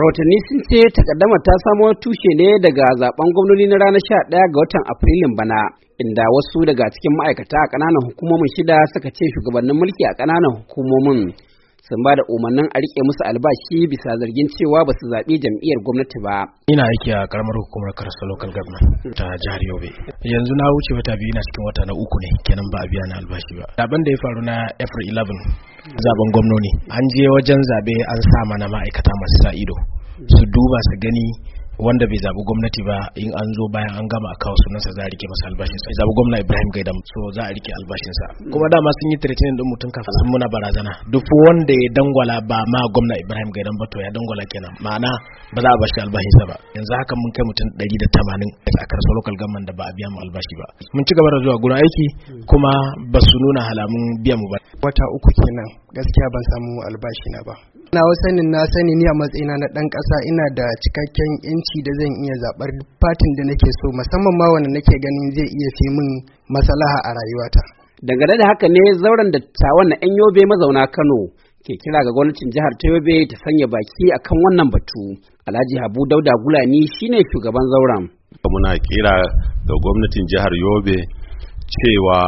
rahotanni sun ce takaddama ta samo tushe ne daga zaben gwamnoni na ranar sha ɗaya ga watan afrilun bana inda wasu daga cikin ma'aikata a ƙananan hukumomin shida suka ce shugabannin mulki a ƙananan hukumomin sun ba da umarnin a rike musu albashi bisa zargin cewa ba su zaɓi jam'iyyar gwamnati ba. Ina aiki a karamar hukumar Karasa Local Government ta jihar Yobe. Yanzu na wuce wata biyu na cikin wata na uku ne kenan ba a biya na albashi ba. Zaben da ya faru na April 11 zaben gwamnoni an je wajen zabe an sa mana ma'aikata masu sa ido su duba su gani wanda bai zabi gwamnati ba in an zo bayan an gama a kawo sunansa za a rike masa albashinsa bai zabi gwamna Ibrahim Gaidam so za a rike albashinsa kuma dama sun yi tiracin din mutum kafin sun muna barazana duk wanda ya dangwala ba ma gwamna Ibrahim Gaidam ba to ya dangwala kenan ma'ana ba za a bashi albashinsa ba yanzu haka mun kai mutum da 180 a su local government da ba a biya mu albashi ba mun ci gaba da zuwa gurin aiki kuma ba su nuna halamun biya mu ba wata uku kenan gaskiya ban samu albashi na ba na sanin na sani ni a matsayina na dan kasa ina da cikakken yanci da zan iya zabar fatin da nake so musamman ma wanda nake ganin zai iya fi min maslaha a rayuwata dangane da haka ne zauren da ta na yan yobe mazauna kano ke kira ga gwamnatin jihar ta yobe ta sanya baki akan wannan batu alhaji habu dauda gulani shine shugaban zauren muna kira ga gwamnatin jihar yobe cewa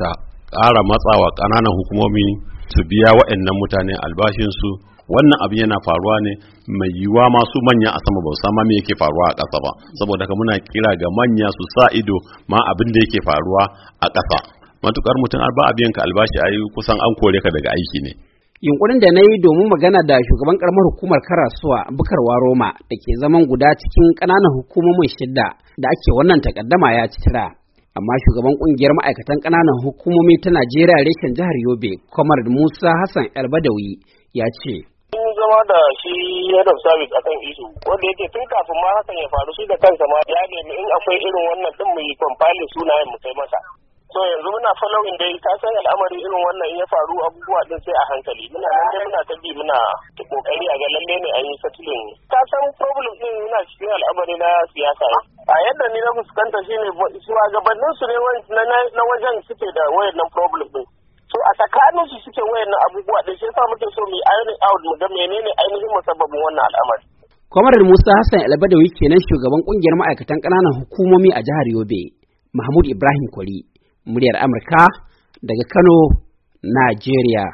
ta ƙara matsawa ƙananan hukumomi su biya waɗannan mutane albashinsu wannan abin yana faruwa ne mai yiwuwa masu manya a sama ba su ma me yake faruwa a ƙasa ba saboda ka muna kira ga manya su sa ido ma abin da yake faruwa a ƙasa matukar mutum ba a biyan ka albashi a yi kusan an kore ka daga aiki ne yunkurin da na yi domin magana da shugaban karamar hukumar karasuwa bukarwa roma da ke zaman guda cikin ƙananan hukumomin shidda da ake wannan takaddama ya ci tira amma shugaban kungiyar ma'aikatan ƙananan hukumomi ta najeriya reshen jihar yobe kwamar musa hassan elbadawi ya ce zama da shi head of service akan isu wanda yake tun kafin ma hakan ya faru shi da kansa ma ya nemi in akwai irin wannan din mu yi compiling sunayen mu kai masa so yanzu muna following dai ka san al'amari irin wannan in ya faru abubuwa din sai a hankali muna nan dai muna ta bi muna kokari a ga lalle ne an yi settling ka san problem din yana cikin al'amari na siyasa a yadda ni na fuskanta shine gabanin su ne na wajen suke da wayannan problem din so a tsakanin su suke wayannan abubuwa da shi yasa muke so mu iron out mu ga menene ainihin musabbabin wannan alamar Kwamar Musa Hassan Albadawi kenan shugaban kungiyar ma'aikatan ƙananan hukumomi a jihar Yobe, Mahmud Ibrahim Kwari, muryar Amurka daga Kano, Najeriya.